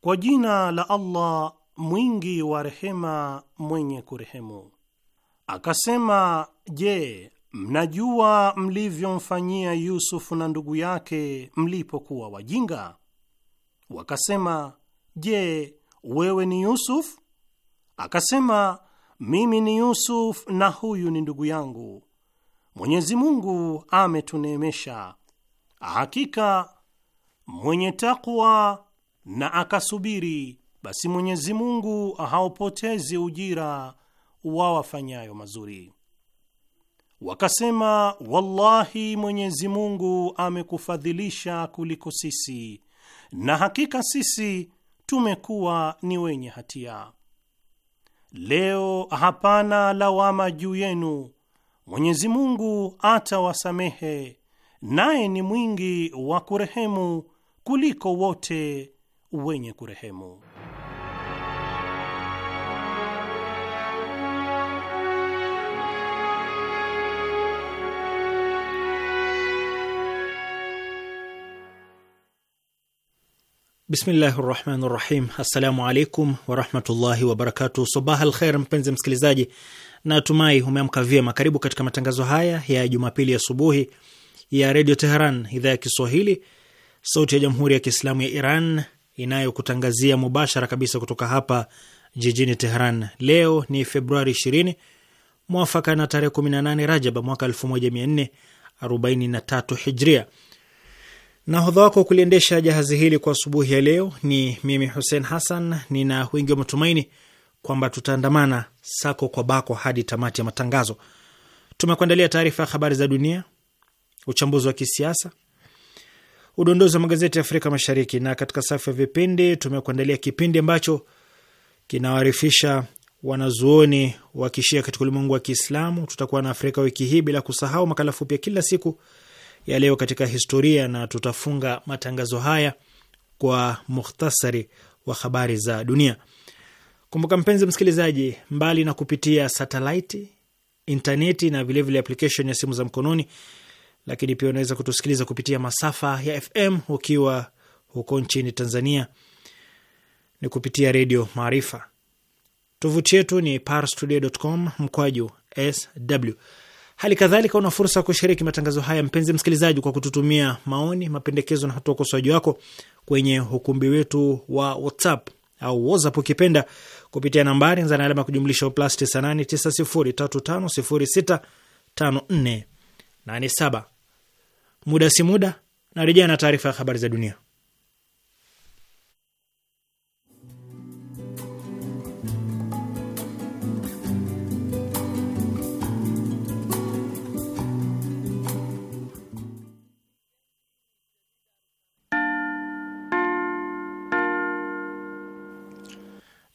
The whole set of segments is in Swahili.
Kwa jina la Allah mwingi wa rehema mwenye kurehemu. Akasema, je, mnajua mlivyomfanyia Yusufu na ndugu yake mlipokuwa wajinga? Wakasema, je, wewe ni Yusuf? Akasema, mimi ni Yusuf na huyu ni ndugu yangu. Mwenyezi Mungu ametuneemesha. Hakika mwenye takwa na akasubiri, basi Mwenyezi Mungu haupotezi ujira wa wafanyayo mazuri. Wakasema, wallahi, Mwenyezi Mungu amekufadhilisha kuliko sisi, na hakika sisi tumekuwa ni wenye hatia. Leo hapana lawama juu yenu Mwenyezi Mungu atawasamehe, naye ni mwingi wa kurehemu kuliko wote wenye kurehemu. Bismillahi rahmani rahim. Assalamu alaikum warahmatullahi wabarakatuh. Sabah alkher, mpenzi msikilizaji Natumai umeamka vyema. Karibu katika matangazo haya ya Jumapili asubuhi ya, ya Redio Teheran, idhaa ya Kiswahili, sauti ya Jamhuri ya Kiislamu ya Iran inayokutangazia mubashara kabisa kutoka hapa jijini Teheran. Leo ni Februari 20 mwafaka na tarehe 18 Rajab mwaka 1443 Hijria. Nahodha wako kuliendesha jahazi hili kwa asubuhi ya leo ni mimi Hussein Hassan. Nina wingi wa matumaini kwamba tutaandamana sako kwa bako hadi tamati ya matangazo. Tumekuandalia taarifa ya habari za dunia, uchambuzi wa kisiasa, udondozi wa magazeti ya Afrika Mashariki, na katika safu ya vipindi tumekuandalia kipindi ambacho kinawarifisha wanazuoni wa kishia katika ulimwengu wa Kiislamu. Tutakuwa na Afrika wiki hii, bila kusahau makala fupi ya kila siku ya leo katika historia, na tutafunga matangazo haya kwa mukhtasari wa habari za dunia. Kumbuka mpenzi msikilizaji, mbali na kupitia satelaiti, intaneti na vilevile vile application ya simu za mkononi, lakini pia unaweza kutusikiliza kupitia masafa ya FM ukiwa huko nchini Tanzania ni kupitia redio Maarifa. Tovuti yetu ni parstoday.com mkwaju sw. Hali kadhalika una fursa ya kushiriki matangazo haya, mpenzi msikilizaji, kwa kututumia maoni, mapendekezo na hatua ukosoaji wako kwenye ukumbi wetu wa WhatsApp au WhatsApp ukipenda kupitia nambari za alama ya kujumlisha plus 989035065487. Muda si muda narejea na taarifa ya habari za dunia.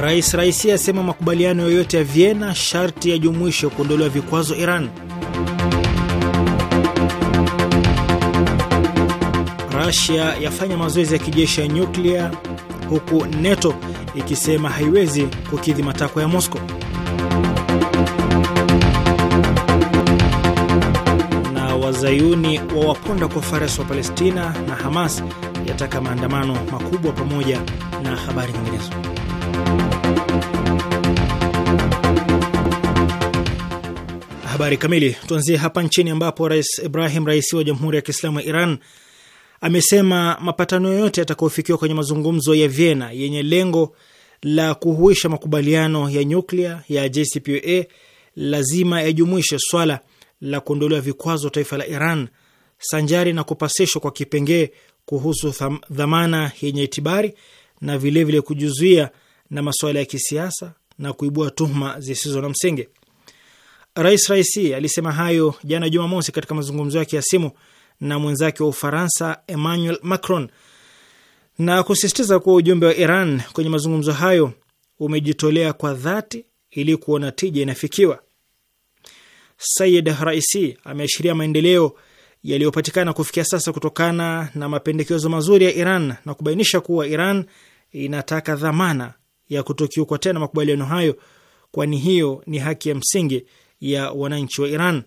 Rais Raisi asema makubaliano yoyote ya Vienna sharti yajumuishe kuondolewa vikwazo Iran. Russia yafanya mazoezi ya kijeshi ya nyuklia huku NATO ikisema haiwezi kukidhi matakwa ya Moscow. Na wazayuni waponda kwa farasi wa Palestina na Hamas yataka maandamano makubwa pamoja na habari nyinginezo. Habari kamili tuanzie hapa nchini ambapo Rais Ibrahim Raisi wa Jamhuri ya Kiislamu ya Iran amesema mapatano yoyote yatakayofikiwa kwenye mazungumzo ya Vienna yenye lengo la kuhuisha makubaliano ya nyuklia ya JCPOA lazima yajumuishe swala la kuondolewa vikwazo taifa la Iran sanjari na kupasishwa kwa kipengee kuhusu dhamana yenye itibari na vilevile kujizuia na masuala ya kisiasa na kuibua tuhuma zisizo na msingi. Rais Raisi alisema hayo jana Jumamosi katika mazungumzo yake ya simu na mwenzake wa Ufaransa Emmanuel Macron na kusisitiza kuwa ujumbe wa Iran kwenye mazungumzo hayo umejitolea kwa dhati ili kuona tija inafikiwa. Sayid Raisi ameashiria maendeleo yaliyopatikana kufikia sasa kutokana na mapendekezo mazuri ya Iran na kubainisha kuwa Iran inataka dhamana ya kutokiukwa tena makubaliano hayo, kwani hiyo ni haki ya msingi ya wananchi wa Iran.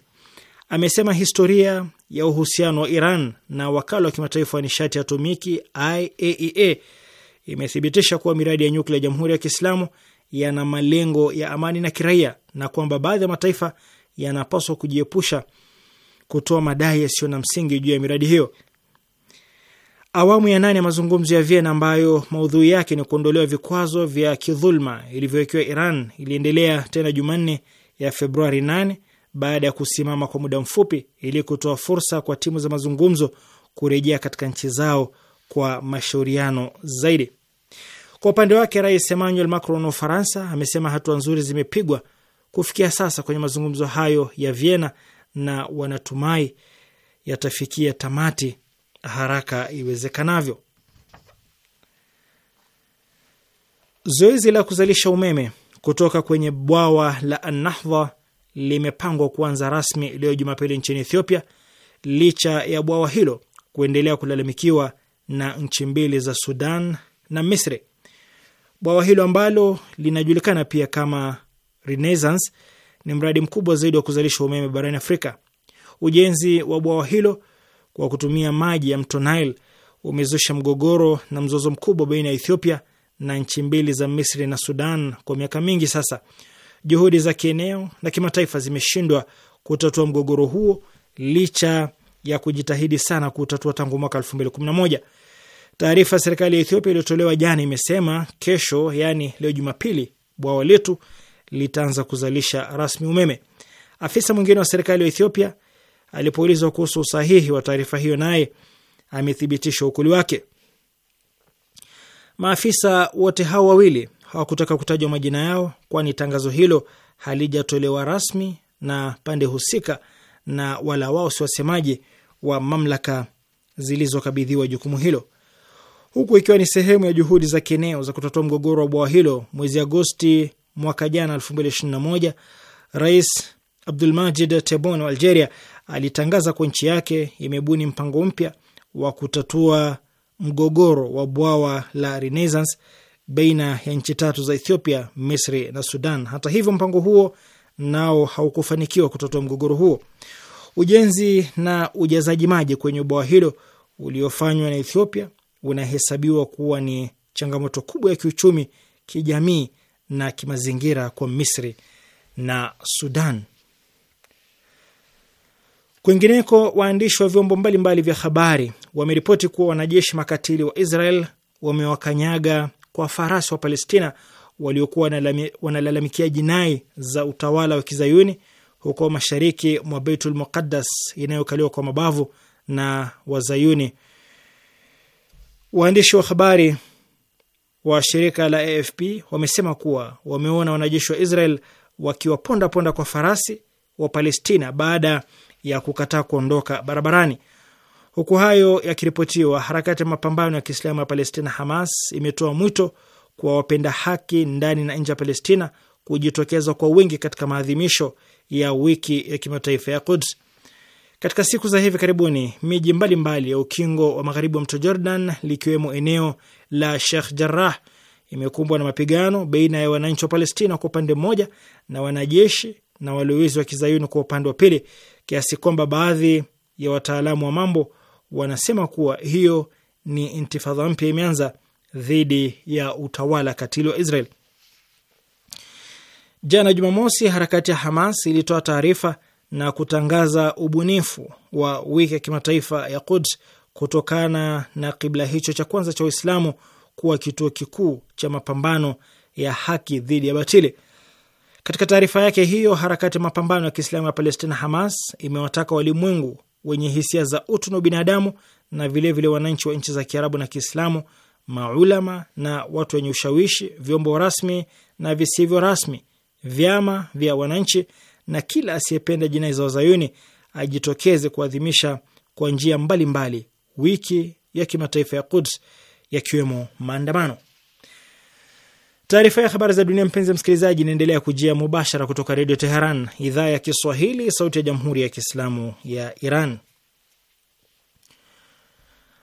Amesema historia ya uhusiano wa Iran na wakala wa kimataifa wa nishati ya atomiki IAEA e imethibitisha kuwa miradi ya nyuklia ya Jamhuri ya Kiislamu yana malengo ya amani na kiraia na kwamba baadhi ya mataifa yanapaswa kujiepusha kutoa madai yasiyo na msingi juu ya miradi hiyo. Awamu ya nane ya mazungumzo ya Vienna ambayo maudhui yake ni kuondolewa vikwazo vya kidhulma ilivyowekewa Iran iliendelea tena Jumanne ya Februari 8 baada ya kusimama kwa muda mfupi ili kutoa fursa kwa timu za mazungumzo kurejea katika nchi zao kwa mashauriano zaidi. Kwa upande wake, Rais Emmanuel Macron wa Ufaransa amesema hatua nzuri zimepigwa kufikia sasa kwenye mazungumzo hayo ya Vienna na wanatumai yatafikia tamati haraka iwezekanavyo. Zoezi la kuzalisha umeme kutoka kwenye bwawa la Anahdha limepangwa kuanza rasmi leo Jumapili nchini Ethiopia, licha ya bwawa hilo kuendelea kulalamikiwa na nchi mbili za Sudan na Misri. Bwawa hilo ambalo linajulikana pia kama Renaissance ni mradi mkubwa zaidi wa kuzalisha umeme barani Afrika. Ujenzi wa bwawa hilo kwa kutumia maji ya mto Nile umezusha mgogoro na mzozo mkubwa baina ya Ethiopia na nchi mbili za Misri na Sudan kwa miaka mingi sasa. Juhudi za kieneo na kimataifa zimeshindwa kutatua mgogoro huo licha ya kujitahidi sana kutatua tangu mwaka 2011. Taarifa ya serikali ya Ethiopia iliyotolewa jana imesema kesho, yaani leo Jumapili, bwawa letu litaanza kuzalisha rasmi umeme. Afisa mwingine wa serikali ya Ethiopia alipoulizwa kuhusu usahihi wa taarifa hiyo, naye amethibitisha ukuli wake. Maafisa wote hao wawili hawakutaka kutajwa majina yao, kwani tangazo hilo halijatolewa rasmi na pande husika, na wala wao si wasemaji wa mamlaka zilizokabidhiwa jukumu hilo, huku ikiwa ni sehemu ya juhudi za kieneo za kutatua mgogoro wa bwawa hilo. Mwezi Agosti mwaka jana 2021, Rais Abdulmajid Tebboune wa Algeria alitangaza kwa nchi yake imebuni mpango mpya wa kutatua mgogoro wa bwawa la Renaissance baina ya nchi tatu za Ethiopia, Misri na Sudan. Hata hivyo, mpango huo nao haukufanikiwa kutatua mgogoro huo. Ujenzi na ujazaji maji kwenye bwawa hilo uliofanywa na Ethiopia unahesabiwa kuwa ni changamoto kubwa ya kiuchumi, kijamii na kimazingira kwa Misri na Sudan. Kwingineko, waandishi wa vyombo mbalimbali vya habari wameripoti kuwa wanajeshi makatili wa Israel wamewakanyaga kwa farasi wa Palestina waliokuwa wanalalamikia jinai za utawala wa kizayuni huko mashariki mwa Beitul Muqaddas inayokaliwa kwa mabavu na Wazayuni. Waandishi wa habari wa shirika la AFP wamesema kuwa wameona wanajeshi wa Israel wakiwapondaponda kwa farasi wa Palestina baada ya kukataa kuondoka barabarani. Huku hayo yakiripotiwa, harakati ya mapambano ya Kiislamu ya Palestina Hamas imetoa mwito kwa wapenda haki ndani na nje ya Palestina kujitokeza kwa wingi katika maadhimisho ya wiki ya kimataifa ya Quds. Katika siku za hivi karibuni, miji mbalimbali ya ukingo wa magharibi wa mto Jordan, likiwemo eneo la Sheikh Jarrah, imekumbwa na mapigano baina ya wananchi wa Palestina kwa upande mmoja na wanajeshi na walowezi wa kizayuni kwa upande wa pili, kiasi kwamba baadhi ya wataalamu wa mambo wanasema kuwa hiyo ni intifadha mpya imeanza dhidi ya utawala katili wa Israel. Jana Jumamosi, harakati ya Hamas ilitoa taarifa na kutangaza ubunifu wa wiki ya kimataifa ya Quds kutokana na kibla hicho cha kwanza cha Waislamu kuwa kituo kikuu cha mapambano ya haki dhidi ya batili. Katika taarifa yake hiyo, harakati ya mapambano ya Kiislamu ya Palestina, Hamas, imewataka walimwengu wenye hisia za utu na ubinadamu na vilevile wananchi wa nchi za Kiarabu na Kiislamu, maulama na watu wenye ushawishi, vyombo rasmi na visivyo rasmi, vyama vya wananchi na kila asiyependa jinai za Wazayuni ajitokeze kuadhimisha kwa njia mbalimbali wiki ya kimataifa ya Quds, yakiwemo maandamano. Taarifa ya habari za dunia, mpenzi msikilizaji, inaendelea kujia mubashara kutoka Redio Teheran, idhaa ya Kiswahili, sauti ya jamhuri ya kiislamu ya Iran.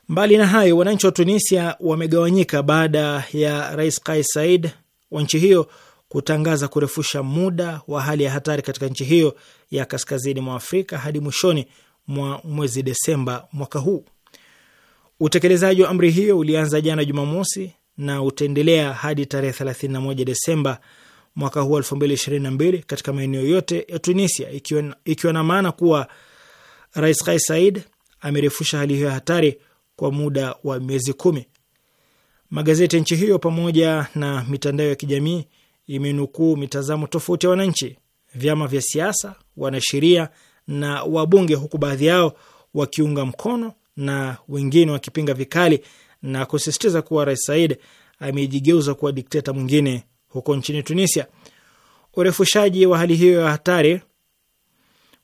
Mbali na hayo, wananchi wa Tunisia wamegawanyika baada ya rais Kais said wa nchi hiyo kutangaza kurefusha muda wa hali ya hatari katika nchi hiyo ya kaskazini mwa Afrika hadi mwishoni mwa mwezi Desemba mwaka huu. Utekelezaji wa amri hiyo ulianza jana Jumamosi na utaendelea hadi tarehe 31 Desemba mwaka huu 2022 katika maeneo yote ya Tunisia, ikiwa, ikiwa na maana kuwa Rais Kais Saied amerefusha hali hiyo ya hatari kwa muda wa miezi kumi. Magazeti ya nchi hiyo pamoja na mitandao ya kijamii imenukuu mitazamo tofauti ya wananchi, vyama vya siasa, wanasheria na wabunge, huku baadhi yao wakiunga mkono na wengine wakipinga vikali na kusisitiza kuwa Rais Said amejigeuza kuwa dikteta mwingine huko nchini Tunisia. Urefushaji wa hali hiyo ya hatari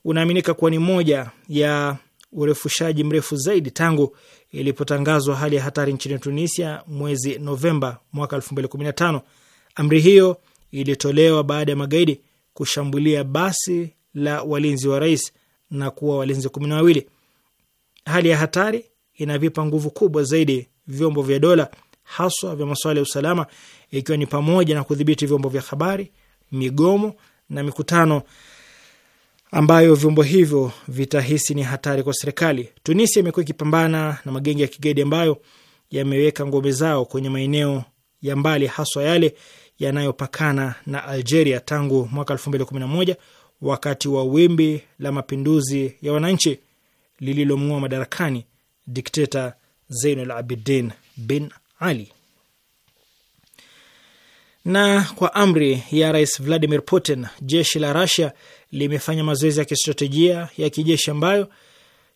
unaaminika kuwa ni moja ya urefushaji mrefu zaidi tangu ilipotangazwa hali ya hatari nchini Tunisia mwezi Novemba mwaka 2015. Amri hiyo ilitolewa baada ya magaidi kushambulia basi la walinzi wa rais na kuwa walinzi kumi na wawili. Hali ya hatari inavipa nguvu kubwa zaidi vyombo vya dola haswa vya masuala ya usalama, ikiwa ni pamoja na kudhibiti vyombo vya habari, migomo na mikutano ambayo vyombo hivyo vitahisi ni hatari kwa serikali. Tunisia imekuwa ikipambana na magenge ya kigaidi ambayo yameweka ngome zao kwenye maeneo ya mbali, haswa yale yanayopakana na Algeria tangu mwaka moja wakati wa wimbi la mapinduzi ya wananchi lililomng'oa madarakani dikteta Zein al Abidin bin Ali. Na kwa amri ya Rais Vladimir Putin, jeshi la rusia limefanya mazoezi ya kistratejia ya kijeshi ambayo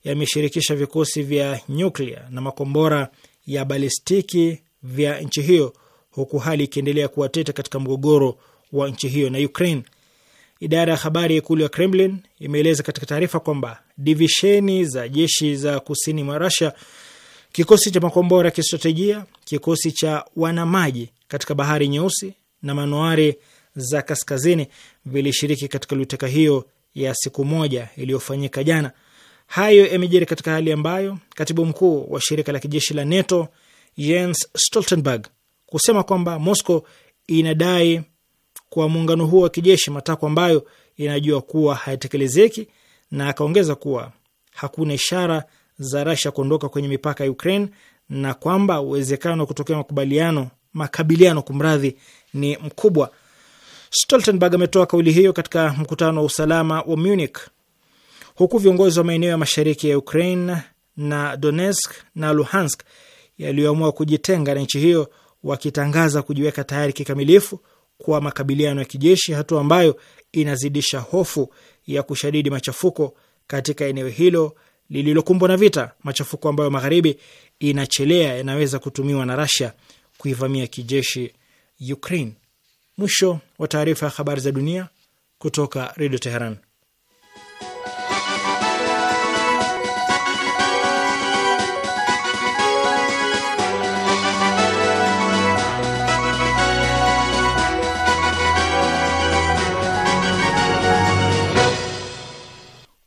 yameshirikisha vikosi vya nyuklia na makombora ya balistiki vya nchi hiyo huku hali ikiendelea kuwa tete katika mgogoro wa nchi hiyo na Ukraine. Idara ya habari ya ikulu ya Kremlin imeeleza katika taarifa kwamba divisheni za jeshi za kusini mwa rusia kikosi cha makombora ya kistratejia, kikosi cha wanamaji katika bahari nyeusi na manuari za kaskazini vilishiriki katika luteka hiyo ya siku moja iliyofanyika jana. Hayo yamejiri katika hali ambayo katibu mkuu wa shirika la kijeshi la NATO Jens Stoltenberg kusema kwamba Moscow inadai kwa muungano huo wa kijeshi matakwa ambayo inajua kuwa hayatekelezeki, na akaongeza kuwa hakuna ishara za Russia kuondoka kwenye mipaka ya Ukraine na kwamba uwezekano wa kutokea makubaliano makabiliano kumradhi ni mkubwa. Stoltenberg ametoa kauli hiyo katika mkutano wa usalama wa Munich, huku viongozi wa maeneo ya mashariki ya Ukraine na Donetsk na Luhansk yaliyoamua kujitenga na nchi hiyo wakitangaza kujiweka tayari kikamilifu kwa makabiliano ya kijeshi, hatua ambayo inazidisha hofu ya kushadidi machafuko katika eneo hilo lililokumbwa na vita, machafuko ambayo magharibi inachelea yanaweza kutumiwa na Russia kuivamia kijeshi Ukraine. Mwisho wa taarifa ya habari za dunia kutoka Redio Teheran.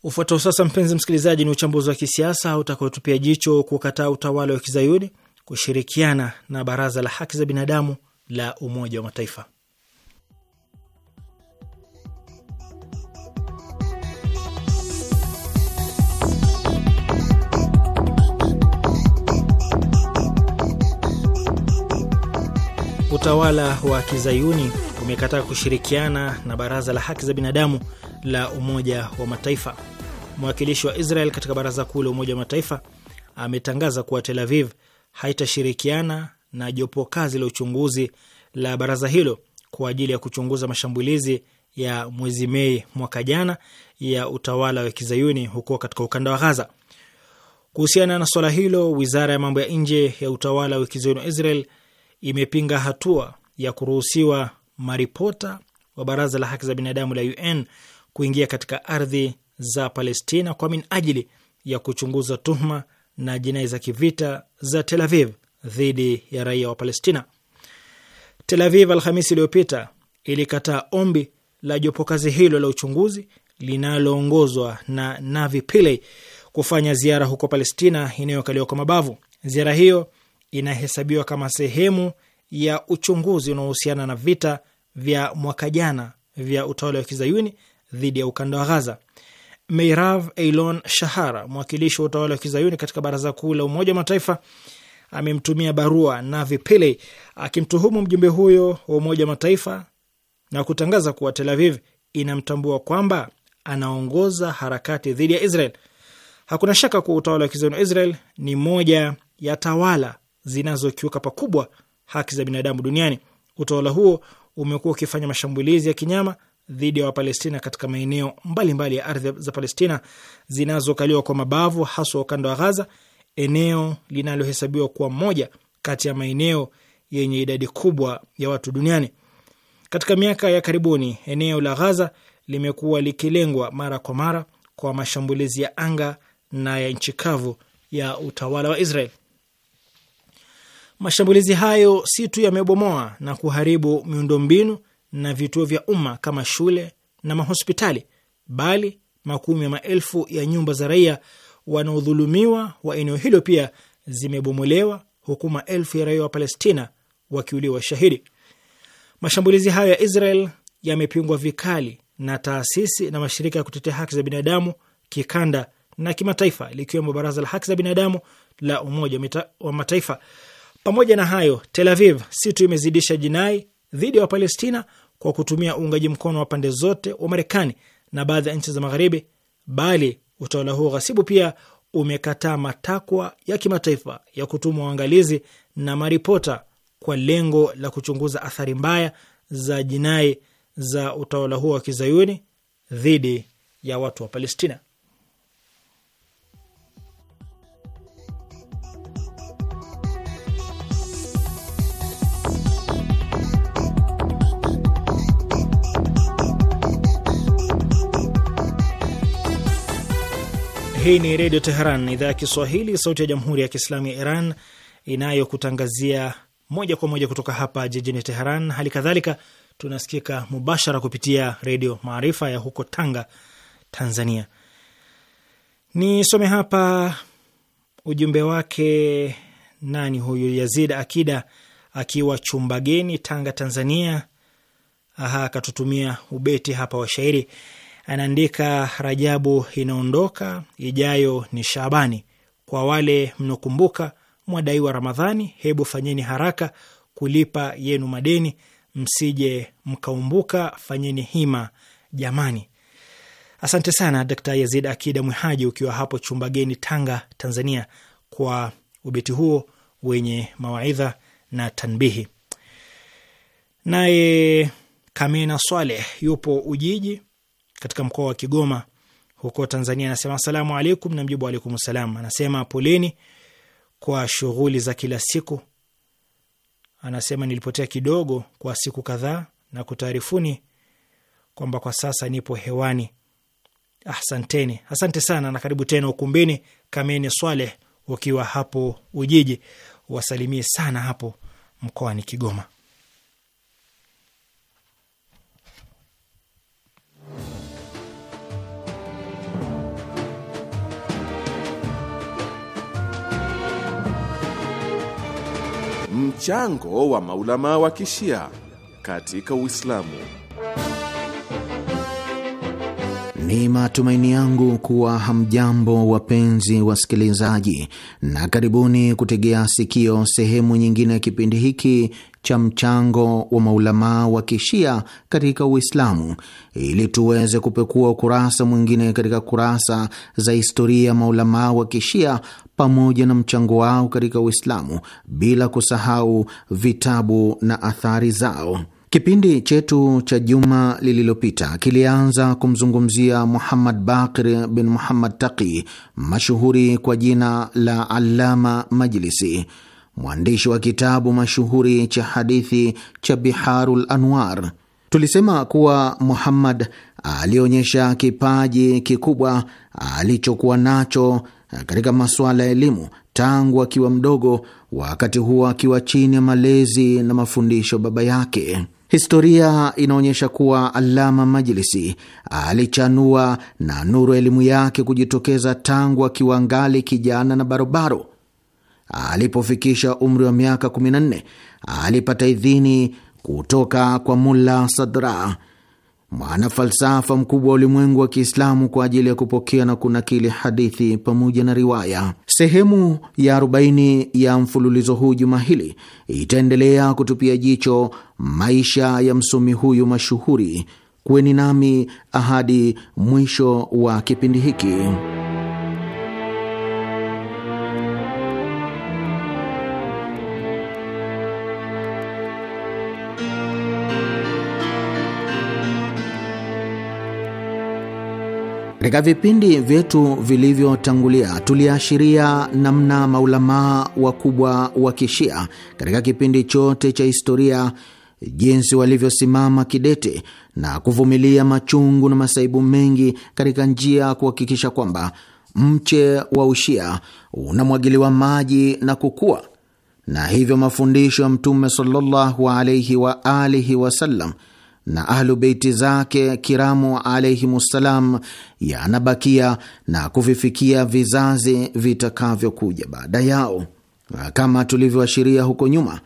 Ufuatao sasa, mpenzi msikilizaji, ni uchambuzi wa kisiasa utakaotupia jicho kukataa utawala wa kizayuni kushirikiana na baraza la haki za binadamu la Umoja wa Mataifa. Utawala wa kizayuni umekataa kushirikiana na baraza la haki za binadamu la Umoja wa Mataifa mwakilishi wa Israel katika Baraza Kuu la Umoja wa Mataifa ametangaza kuwa Tel Aviv haitashirikiana na jopo kazi la uchunguzi la baraza hilo kwa ajili ya kuchunguza mashambulizi ya mwezi Mei mwaka jana ya utawala wa kizayuni huko katika ukanda wa Ghaza. Kuhusiana na swala hilo, wizara ya mambo ya nje ya utawala wa kizayuni wa Israel imepinga hatua ya kuruhusiwa maripota wa baraza la haki za binadamu la UN kuingia katika ardhi za Palestina kwa minajili ya kuchunguza tuhuma na jinai za kivita za Tel Aviv dhidi ya raia wa Palestina. Tel Aviv Alhamisi iliyopita ilikataa ombi la jopo kazi hilo la uchunguzi linaloongozwa na Navi Pillay kufanya ziara huko Palestina inayokaliwa kwa mabavu. Ziara hiyo inahesabiwa kama sehemu ya uchunguzi unaohusiana na vita vya mwaka jana vya utawala wa kizayuni dhidi ya ukanda wa Ghaza. Meirav Eilon Shahara, mwakilishi wa utawala wa kizayuni katika baraza kuu la Umoja wa Mataifa, amemtumia barua Navi Pillay akimtuhumu mjumbe huyo wa Umoja wa Mataifa na kutangaza kuwa Tel Aviv inamtambua kwamba anaongoza harakati dhidi ya Israel. Hakuna shaka kuwa utawala wa kizayuni wa Israel ni moja ya tawala zinazokiuka pakubwa haki za binadamu duniani. Utawala huo umekuwa ukifanya mashambulizi ya kinyama dhidi ya Wapalestina katika maeneo mbalimbali ya ardhi za Palestina zinazokaliwa kwa mabavu, haswa ukanda wa Ghaza, eneo linalohesabiwa kuwa moja kati ya maeneo yenye idadi kubwa ya watu duniani. Katika miaka ya karibuni, eneo la Ghaza limekuwa likilengwa mara kwa mara kwa mashambulizi ya anga na ya nchi kavu ya utawala wa Israel. Mashambulizi hayo si tu yamebomoa na kuharibu miundombinu na vituo vya umma kama shule na mahospitali, bali makumi ya maelfu ya nyumba za raia wanaodhulumiwa wa eneo hilo pia zimebomolewa, huku maelfu ya raia wa Palestina wakiuliwa shahidi. Mashambulizi hayo ya Israel yamepingwa vikali na taasisi na mashirika ya kutetea haki za binadamu kikanda na kimataifa, likiwemo Baraza la Haki za Binadamu la Umoja wa Mataifa. Pamoja na hayo, Tel Aviv si tu imezidisha jinai dhidi ya Wapalestina kwa kutumia uungaji mkono wa pande zote wa Marekani na baadhi ya nchi za Magharibi, bali utawala huo ghasibu pia umekataa matakwa ya kimataifa ya kutumwa waangalizi na maripota kwa lengo la kuchunguza athari mbaya za jinai za utawala huo wa kizayuni dhidi ya watu wa Palestina. Hii ni Redio Teheran, idhaa ya Kiswahili, sauti ya Jamhuri ya Kiislamu ya Iran, inayokutangazia moja kwa moja kutoka hapa jijini Teheran. Hali kadhalika tunasikika mubashara kupitia Redio Maarifa ya huko Tanga, Tanzania. Nisome hapa ujumbe wake. Nani huyu? Yazid Akida akiwa Chumbageni, Tanga, Tanzania. Aha, akatutumia ubeti hapa wa shairi Anaandika, Rajabu inaondoka, ijayo ni Shabani. Kwa wale mnaokumbuka mwadaiwa Ramadhani, hebu fanyeni haraka kulipa yenu madeni, msije mkaumbuka, fanyeni hima jamani. Asante sana Dakta Yazid Akida Mwihaji, ukiwa hapo chumba geni Tanga, Tanzania, kwa ubeti huo wenye mawaidha na tanbihi. Naye Kamena Swaleh yupo Ujiji katika mkoa wa Kigoma huko Tanzania. Anasema asalamu alaikum, na mjibu alaikum salam. Anasema poleni kwa shughuli za kila siku. Anasema nilipotea kidogo kwa siku kadhaa na kutaarifuni kwamba kwa sasa nipo hewani. Asanteni, asante sana na karibu tena ukumbini. Kameni Swaleh ukiwa hapo Ujiji, wasalimie sana hapo mkoani Kigoma. Mchango wa maulama wa kishia katika Uislamu. Ni matumaini yangu kuwa hamjambo wapenzi wasikilizaji, na karibuni kutegea sikio sehemu nyingine ya kipindi hiki cha mchango wa maulamaa wa kishia katika Uislamu, ili tuweze kupekua ukurasa mwingine katika kurasa za historia ya maulamaa wa kishia pamoja na mchango wao katika Uislamu, bila kusahau vitabu na athari zao. Kipindi chetu cha juma lililopita kilianza kumzungumzia Muhammad Baqir bin Muhammad Taqi, mashuhuri kwa jina la Allama Majlisi, mwandishi wa kitabu mashuhuri cha hadithi cha Biharul Anwar. Tulisema kuwa Muhammad alionyesha kipaji kikubwa alichokuwa nacho katika masuala ya elimu tangu akiwa mdogo, wakati huo akiwa chini ya malezi na mafundisho baba yake. Historia inaonyesha kuwa Alama Majlisi alichanua na nuru elimu yake kujitokeza tangu akiwa ngali kijana na barobaro. Alipofikisha umri wa miaka 14 alipata idhini kutoka kwa Mulla Sadra mwana falsafa mkubwa wa ulimwengu wa Kiislamu kwa ajili ya kupokea na kunakili hadithi pamoja na riwaya. Sehemu ya 40 ya mfululizo huu juma hili itaendelea kutupia jicho maisha ya msomi huyu mashuhuri. kweni nami ahadi mwisho wa kipindi hiki. Katika vipindi vyetu vilivyotangulia tuliashiria namna maulamaa wakubwa wa kishia katika kipindi chote cha historia jinsi walivyosimama kidete na kuvumilia machungu na masaibu mengi katika njia ya kuhakikisha kwamba mche wa ushia unamwagiliwa maji na kukua, na hivyo mafundisho ya Mtume sallallahu alaihi wa alihi wasallam na Ahlu Beiti zake kiramu alaihimussalam yanabakia na kuvifikia vizazi vitakavyokuja baada yao. Kama tulivyoashiria huko nyuma,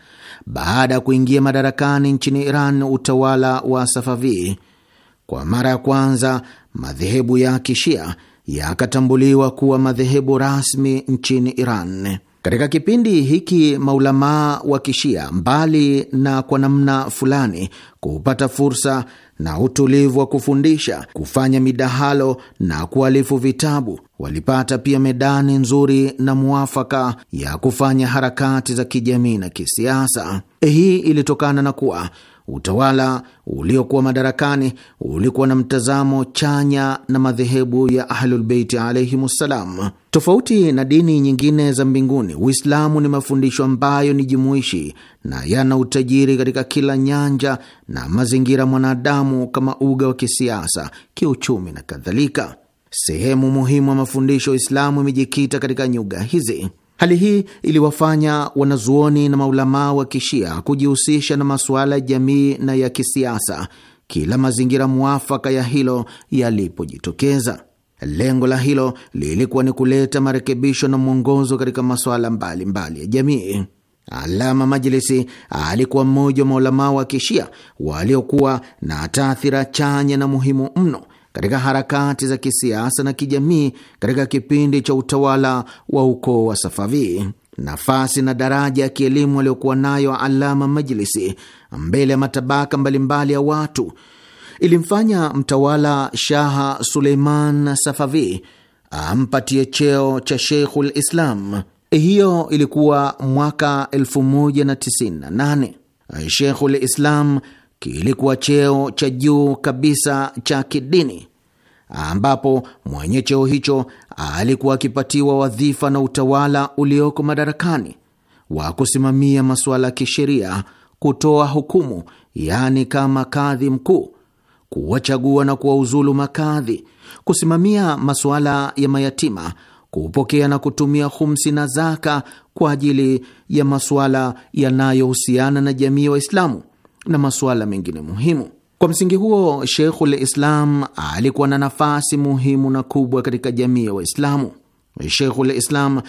baada ya kuingia madarakani nchini Iran utawala wa Safavi, kwa mara ya kwanza madhehebu ya Kishia yakatambuliwa kuwa madhehebu rasmi nchini Iran. Katika kipindi hiki maulamaa wa Kishia, mbali na kwa namna fulani kupata fursa na utulivu wa kufundisha, kufanya midahalo na kualifu vitabu, walipata pia medani nzuri na muafaka ya kufanya harakati za kijamii na kisiasa. Hii ilitokana na kuwa Utawala uliokuwa madarakani ulikuwa na mtazamo chanya na madhehebu ya Ahlulbeiti alaihimussalam. Tofauti na dini nyingine za mbinguni, Uislamu ni mafundisho ambayo ni jumuishi na yana utajiri katika kila nyanja na mazingira mwanadamu, kama uga wa kisiasa, kiuchumi na kadhalika. Sehemu muhimu ya mafundisho ya Uislamu imejikita katika nyuga hizi. Hali hii iliwafanya wanazuoni na maulamaa wa kishia kujihusisha na masuala ya jamii na ya kisiasa kila mazingira mwafaka ya hilo yalipojitokeza. Lengo la hilo lilikuwa ni kuleta marekebisho na mwongozo katika masuala mbalimbali ya jamii. Alama Majlisi alikuwa mmoja wa maulamaa wa kishia waliokuwa na taathira chanya na muhimu mno katika harakati za kisiasa na kijamii katika kipindi cha utawala wa ukoo wa Safavi. Nafasi na daraja ya kielimu aliyokuwa nayo Alama Majlisi mbele ya matabaka mbalimbali ya watu ilimfanya mtawala Shaha Suleiman Safavi ampatie cheo cha Sheikhul Islam. Hiyo ilikuwa mwaka 1098. Sheikhul Islam kilikuwa cheo cha juu kabisa cha kidini ambapo mwenye cheo hicho alikuwa akipatiwa wadhifa na utawala ulioko madarakani wa kusimamia masuala ya kisheria, kutoa hukumu, yaani kama kadhi mkuu, kuwachagua na kuwauzulu makadhi, kusimamia masuala ya mayatima, kupokea na kutumia humsi na zaka kwa ajili ya masuala yanayohusiana na jamii ya Waislamu na masuala mengine muhimu. Kwa msingi huo, Sheikhul Islam alikuwa na nafasi muhimu na kubwa katika jamii ya Waislamu. Sheikhul Islam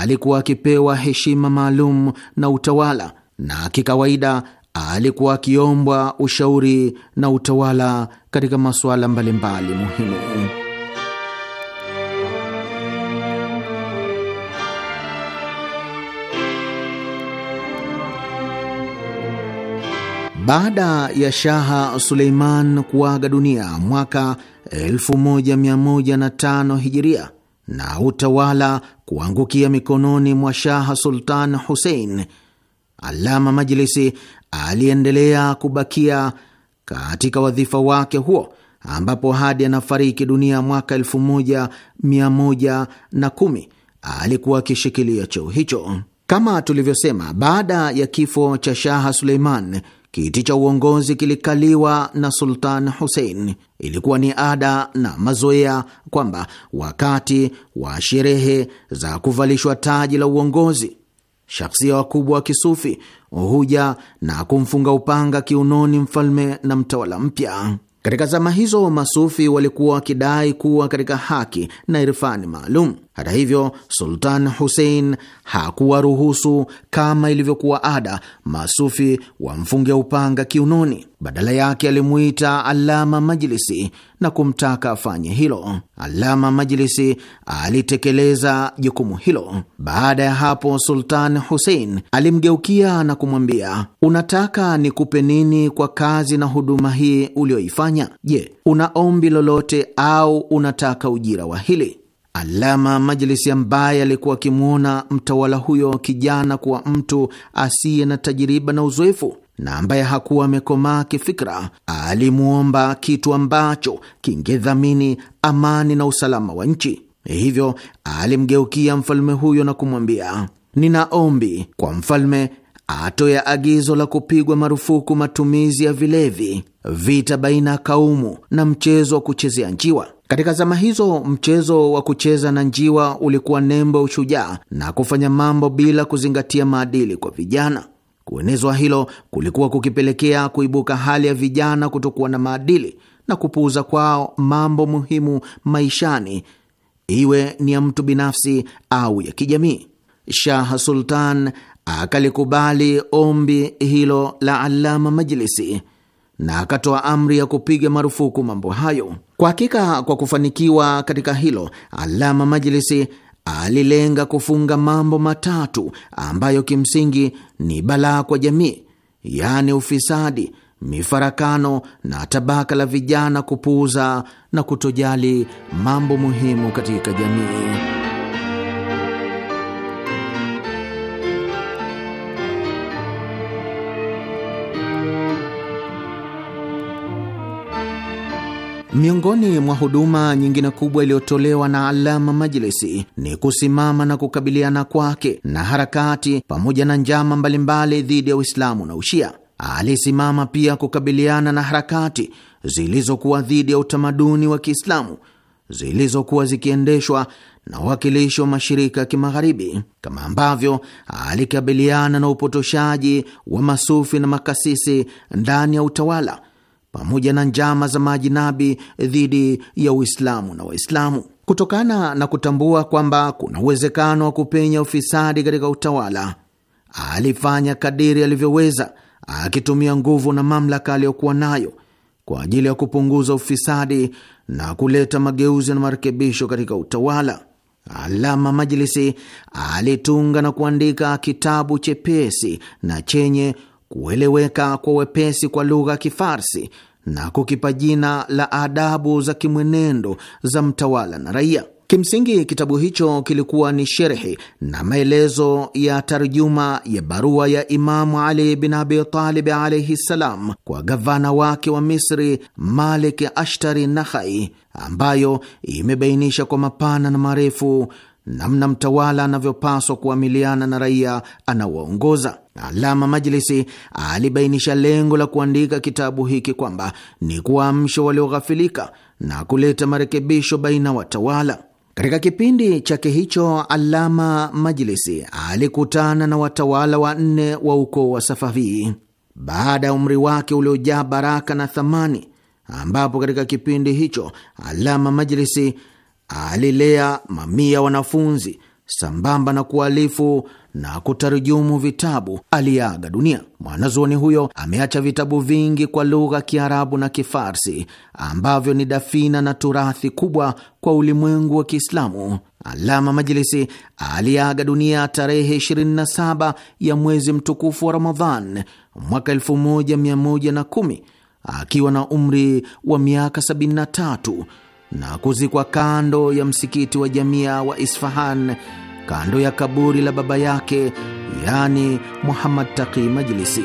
alikuwa akipewa heshima maalum na utawala, na kikawaida alikuwa akiombwa ushauri na utawala katika masuala mbalimbali muhimu. Baada ya Shaha Suleiman kuaga dunia mwaka 1105 hijiria na utawala kuangukia mikononi mwa Shaha Sultan husein Alama Majlisi aliendelea kubakia katika wadhifa wake huo ambapo hadi anafariki dunia mwaka 1110 alikuwa akishikilia cheo hicho. Kama tulivyosema, baada ya kifo cha Shaha Suleiman Kiti cha uongozi kilikaliwa na Sultan Hussein. Ilikuwa ni ada na mazoea kwamba wakati wa sherehe za kuvalishwa taji la uongozi, shakhsia wakubwa wa kisufi huja na kumfunga upanga kiunoni mfalme na mtawala mpya. Katika zama hizo, masufi walikuwa wakidai kuwa katika haki na irfani maalum. Hata hivyo, Sultan Hussein hakuwaruhusu kama ilivyokuwa ada masufi wamfunge upanga kiunoni. Badala yake alimuita Alama Majlisi na kumtaka afanye hilo. Alama Majlisi alitekeleza jukumu hilo. Baada ya hapo, Sultan Hussein alimgeukia na kumwambia, unataka nikupe nini kwa kazi na huduma hii ulioifanya? Je, una ombi lolote au unataka ujira wa hili? Alama Majlisi, ambaye alikuwa akimwona mtawala huyo kijana kuwa mtu asiye na tajiriba na uzoefu na ambaye hakuwa amekomaa kifikra, alimwomba kitu ambacho kingedhamini amani na usalama wa nchi. Hivyo alimgeukia mfalme huyo na kumwambia, nina ombi kwa mfalme atoe agizo la kupigwa marufuku matumizi ya vilevi, vita baina ya kaumu na mchezo wa kuchezea njiwa. Katika zama hizo mchezo wa kucheza na njiwa ulikuwa nembo ya ushujaa na kufanya mambo bila kuzingatia maadili kwa vijana. Kuenezwa hilo kulikuwa kukipelekea kuibuka hali ya vijana kutokuwa na maadili na kupuuza kwao mambo muhimu maishani, iwe ni ya mtu binafsi au ya kijamii. Shah Sultan akalikubali ombi hilo la Alama Majlisi na akatoa amri ya kupiga marufuku mambo hayo. Kwa hakika kwa kufanikiwa katika hilo, Alama Majlisi alilenga kufunga mambo matatu ambayo kimsingi ni balaa kwa jamii, yaani ufisadi, mifarakano na tabaka la vijana kupuuza na kutojali mambo muhimu katika jamii. Miongoni mwa huduma nyingine kubwa iliyotolewa na Alama Majlisi ni kusimama na kukabiliana kwake na harakati pamoja na njama mbalimbali dhidi ya Uislamu na Ushia. Alisimama pia kukabiliana na harakati zilizokuwa dhidi ya utamaduni wa Kiislamu zilizokuwa zikiendeshwa na uwakilishi wa mashirika ya Kimagharibi, kama ambavyo alikabiliana na upotoshaji wa masufi na makasisi ndani ya utawala pamoja na njama za maajinabi dhidi ya Uislamu na Waislamu. Kutokana na kutambua kwamba kuna uwezekano wa kupenya ufisadi katika utawala, alifanya kadiri alivyoweza, akitumia nguvu na mamlaka aliyokuwa nayo kwa ajili ya kupunguza ufisadi na kuleta mageuzi na marekebisho katika utawala. Alama Majlisi alitunga na kuandika kitabu chepesi na chenye kueleweka kwa wepesi kwa lugha ya Kifarsi na kukipa jina la adabu za kimwenendo za mtawala na raia. Kimsingi, kitabu hicho kilikuwa ni sherhi na maelezo ya tarjuma ya barua ya Imamu Ali bin Abi Talib alaihi ssalam kwa gavana wake wa Misri Malik Ashtari Nahai, ambayo imebainisha kwa mapana na marefu namna mtawala anavyopaswa kuamiliana na raia anawaongoza. Alama Majlisi alibainisha lengo la kuandika kitabu hiki kwamba ni kuwaamsha walioghafilika na kuleta marekebisho baina watawala. Katika kipindi chake hicho, Alama Majlisi alikutana na watawala wanne wa ukoo wa Safavi baada ya umri wake uliojaa baraka na thamani, ambapo katika kipindi hicho Alama Majlisi alilea mamia wanafunzi sambamba na kualifu na kutarujumu vitabu. Aliaga dunia. Mwanazuoni huyo ameacha vitabu vingi kwa lugha Kiarabu na Kifarsi ambavyo ni dafina na turathi kubwa kwa ulimwengu wa Kiislamu. Alama Majlisi aliaga dunia tarehe 27 ya mwezi mtukufu wa Ramadhan mwaka 1110 akiwa na umri wa miaka 73 na kuzikwa kando ya msikiti wa Jamia wa Isfahan, kando ya kaburi la baba yake, yani Muhammad Taqi Majlisi.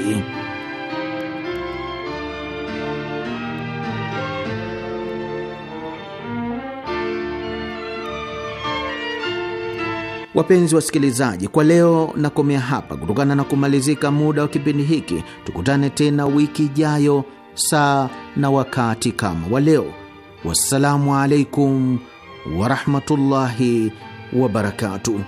Wapenzi wasikilizaji, kwa leo nakomea hapa kutokana na kumalizika muda wa kipindi hiki. Tukutane tena wiki ijayo, saa na wakati kama wa leo. Wassalamu alaikum warahmatullahi wabarakatuh.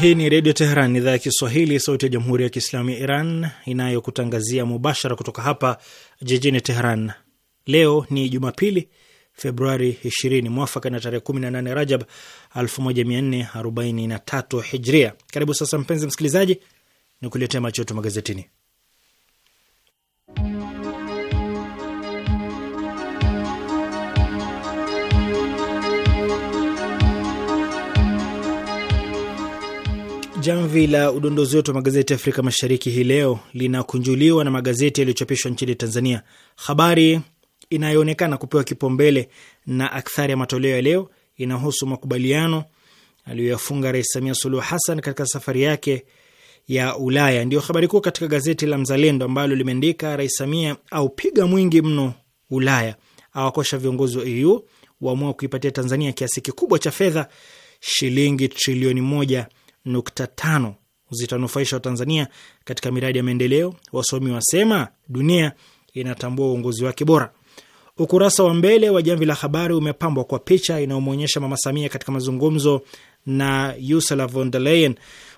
Hii ni Redio Teheran, idhaa ya Kiswahili, sauti ya Jamhuri ya Kiislamu ya Iran, inayokutangazia mubashara kutoka hapa jijini Teheran. Leo ni Jumapili, Februari 20 mwafaka na tarehe 18 Rajab 1443 Hijria. Karibu sasa, mpenzi msikilizaji, ni kuletea macho yetu magazetini. Jamvi la udondozi wetu wa magazeti ya Afrika Mashariki hii leo linakunjuliwa na magazeti yaliyochapishwa nchini Tanzania. Habari inayoonekana kupewa kipaumbele na akthari ya matoleo ya leo inahusu makubaliano aliyoyafunga Rais Samia Suluhu Hassan katika safari yake ya Ulaya. ndio habari kuu katika gazeti la Mzalendo ambalo limeandika Rais Samia aupiga mwingi mno Ulaya, awakosha viongozi wa EU waamua kuipatia Tanzania kiasi kikubwa cha fedha, shilingi trilioni moja nukta tano zitanufaisha Watanzania katika miradi ya maendeleo. Wasomi wasema dunia inatambua uongozi wake bora. Ukurasa wa mbele wa Jamvi la Habari umepambwa kwa picha inayomwonyesha Mama Samia katika mazungumzo na Ursula von der Leyen,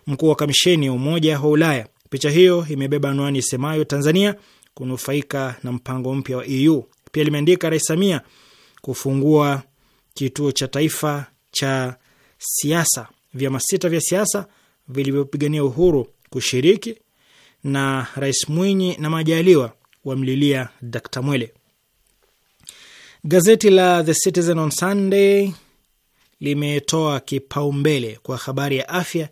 mkuu wa kamisheni ya Umoja wa Ulaya. Picha hiyo imebeba anwani isemayo Tanzania kunufaika na mpango mpya wa EU. Pia limeandika Rais Samia kufungua kituo cha taifa cha siasa, vyama sita vya siasa vilivyopigania uhuru kushiriki, na Rais Mwinyi na Majaliwa wamlilia Dkt Mwele. Gazeti la The Citizen on Sunday limetoa kipaumbele kwa habari ya afya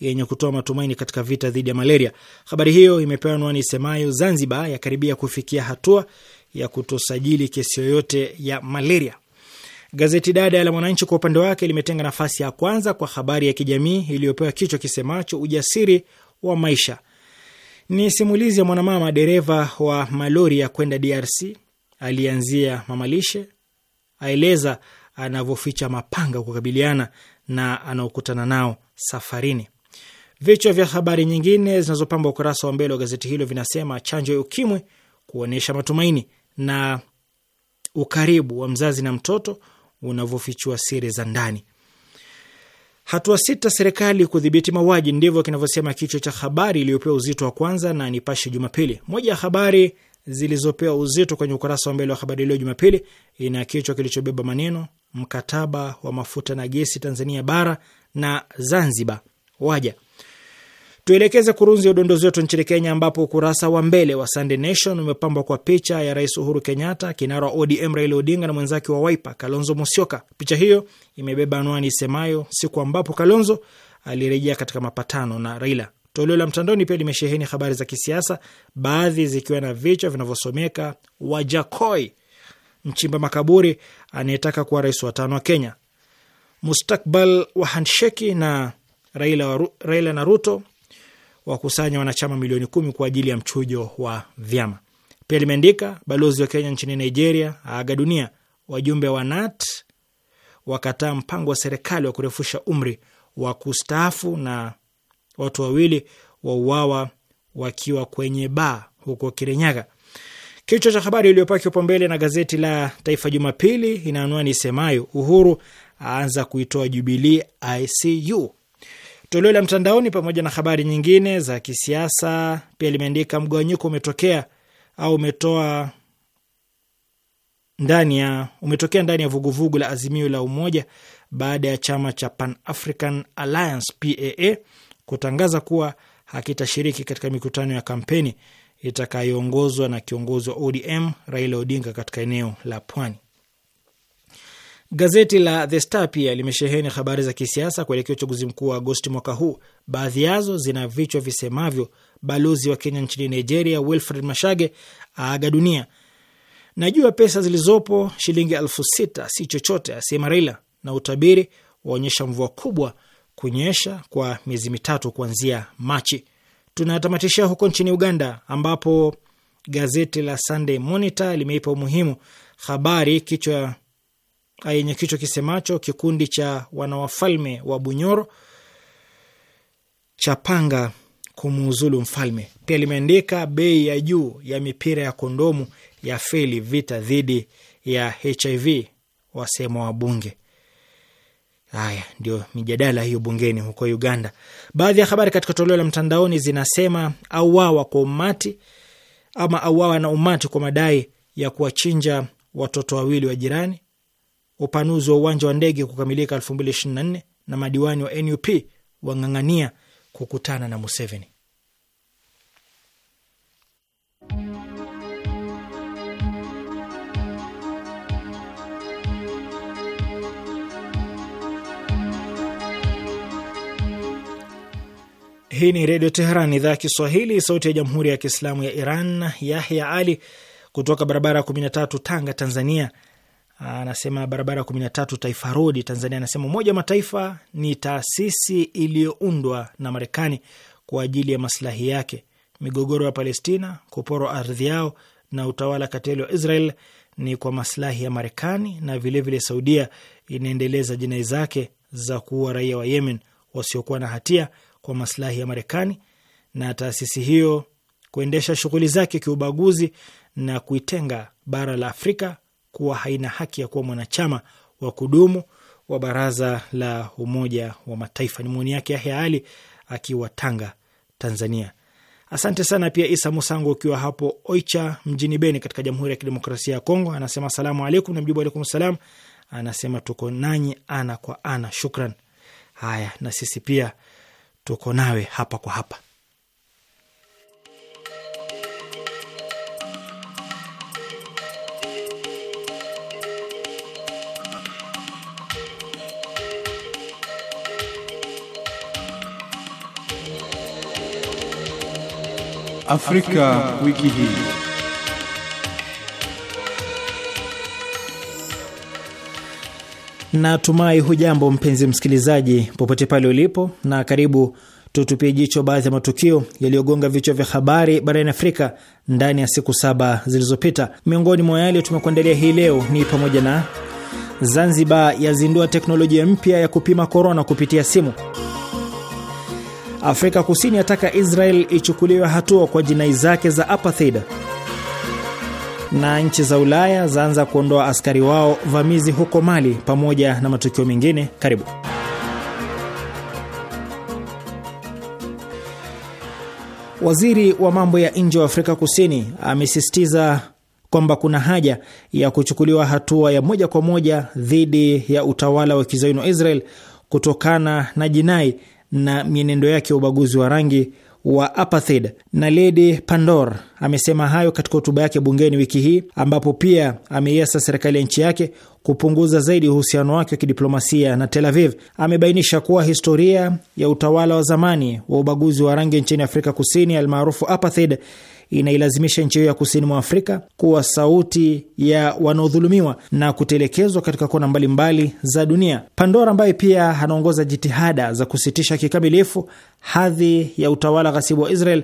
yenye kutoa matumaini katika vita dhidi ya malaria. Habari hiyo imepewa anwani isemayo, Zanzibar yakaribia kufikia hatua ya kutosajili kesi yoyote ya malaria. Gazeti dada la Mwananchi kwa upande wake limetenga nafasi ya kwanza kwa habari ya kijamii iliyopewa kichwa kisemacho, ujasiri wa maisha. Ni simulizi ya mwanamama dereva wa malori ya kwenda DRC alianzia mamalishe, aeleza anavyoficha mapanga kukabiliana na anaokutana nao safarini. Vichwa vya habari nyingine zinazopamba ukurasa wa mbele wa gazeti hilo vinasema chanjo ya ukimwi kuonyesha matumaini na ukaribu wa mzazi na mtoto unavyofichua siri za ndani. Hatua sita serikali kudhibiti mauaji, ndivyo kinavyosema kichwa cha habari iliyopewa uzito wa kwanza na Nipashe Jumapili. Moja ya habari zilizopewa uzito kwenye ukurasa wa mbele wa Habari Leo Jumapili ina kichwa kilichobeba maneno mkataba wa mafuta na gesi Tanzania bara na Zanzibar waja. Tuelekeze kurunzi ya udondozi wetu nchini Kenya, ambapo ukurasa wa mbele wa Sunday Nation umepambwa kwa picha ya Rais Uhuru Kenyatta, kinara wa ODM Raila Odinga na mwenzake wa Wiper Kalonzo Musyoka. Picha hiyo imebeba anwani isemayo siku ambapo Kalonzo alirejea katika mapatano na Raila. Toleo la mtandaoni pia limesheheni habari za kisiasa, baadhi zikiwa na vichwa vinavyosomeka Wajakoi mchimba makaburi anayetaka kuwa rais wa tano wa Kenya, mustakbal wa handsheki na Raila, wa, Raila na Ruto wakusanya wanachama milioni kumi kwa ajili ya mchujo wa vyama. Pia limeandika balozi wa Kenya nchini Nigeria aaga dunia, wajumbe wa NAT wakataa mpango wa serikali wa kurefusha umri wa kustaafu na Watu wawili wauawa wakiwa kwenye baa huko Kirinyaga. Kichwa cha habari iliyopaa kipaumbele na gazeti la Taifa Jumapili ina anwani isemayo Uhuru aanza kuitoa Jubilee ICU. Toleo la mtandaoni pamoja na habari nyingine za kisiasa pia limeandika mgawanyiko umetokea au umetoa ndani ya umetokea ndani ya vuguvugu la Azimio la Umoja baada ya chama cha Pan African Alliance PAA kutangaza kuwa hakitashiriki katika mikutano ya kampeni itakayoongozwa na kiongozi wa ODM Raila Odinga katika eneo la Pwani. Gazeti la The Star pia limesheheni habari za kisiasa kuelekea uchaguzi mkuu wa Agosti mwaka huu. Baadhi yazo zina vichwa visemavyo: balozi wa Kenya nchini Nigeria Wilfred Mashage aaga dunia, najua pesa zilizopo shilingi elfu sita si chochote asema Raila, na utabiri waonyesha mvua kubwa kunyesha kwa miezi mitatu kuanzia Machi. Tunatamatishia huko nchini Uganda, ambapo gazeti la Sunday Monitor limeipa umuhimu habari kichwa yenye kichwa kisemacho kikundi cha wanawafalme wa Bunyoro chapanga kumuuzulu mfalme. Pia limeandika bei ya juu ya mipira ya kondomu ya feli vita dhidi ya HIV wasema wabunge. Haya ndio mijadala hiyo bungeni huko Uganda. Baadhi ya habari katika toleo la mtandaoni zinasema auawa kwa umati ama auawa na umati kwa madai ya kuwachinja watoto wawili wa jirani, upanuzi wa uwanja wa ndege kukamilika 2024 na madiwani wa NUP wang'ang'ania kukutana na Museveni. Hii ni Redio Teheran, idhaa ya Kiswahili, sauti ya Jamhuri ya Kiislamu ya Iran. Yahya Ali kutoka barabara ya 13 Tanga, Tanzania, anasema barabara ya 13 Taifa Rodi, Tanzania, anasema Umoja wa Mataifa ni taasisi iliyoundwa na Marekani kwa ajili ya maslahi yake. Migogoro ya Palestina, kuporwa ardhi yao na utawala kateli wa Israel ni kwa maslahi ya Marekani, na vilevile vile Saudia inaendeleza jinai zake za kuua raia wa Yemen wasiokuwa na hatia kwa maslahi ya Marekani na taasisi hiyo kuendesha shughuli zake kiubaguzi na kuitenga bara la Afrika kuwa haina haki ya kuwa mwanachama wa kudumu wa baraza la Umoja wa Mataifa. Ni maoni yake Yahya Ali akiwa Tanga, Tanzania. Asante sana pia Isa Musango ukiwa hapo Oicha mjini Beni katika Jamhuri ya Kidemokrasia ya Kongo, anasema salamu alaikum, na mjibu alaikum salam. Anasema tuko nanyi ana kwa ana, shukran. Haya, na sisi pia tuko nawe hapa kwa hapa. Afrika, Afrika wiki hii. Natumai hujambo mpenzi msikilizaji, popote pale ulipo, na karibu tutupie jicho baadhi ya matukio yaliyogonga vichwa vya habari barani Afrika ndani ya siku saba zilizopita. Miongoni mwa yale tumekuandalia hii leo ni pamoja na Zanzibar yazindua teknolojia mpya ya kupima korona kupitia simu, Afrika Kusini yataka Israel ichukuliwe hatua kwa jinai zake za apartheid na nchi za Ulaya zaanza kuondoa askari wao vamizi huko Mali, pamoja na matukio mengine. Karibu. Waziri wa mambo ya nje wa Afrika Kusini amesisitiza kwamba kuna haja ya kuchukuliwa hatua ya moja kwa moja dhidi ya utawala wa kizayuni wa Israel kutokana na jinai na mienendo yake ya ubaguzi wa rangi wa apartheid Naledi Pandor amesema hayo katika hotuba yake bungeni wiki hii, ambapo pia ameiasa serikali ya nchi yake kupunguza zaidi uhusiano wake wa kidiplomasia na Tel Aviv. Amebainisha kuwa historia ya utawala wa zamani wa ubaguzi wa rangi nchini Afrika Kusini almaarufu apartheid inailazimisha nchi hiyo ya kusini mwa Afrika kuwa sauti ya wanaodhulumiwa na kutelekezwa katika kona mbalimbali za dunia. Pandora ambaye pia anaongoza jitihada za kusitisha kikamilifu hadhi ya utawala ghasibu wa Israel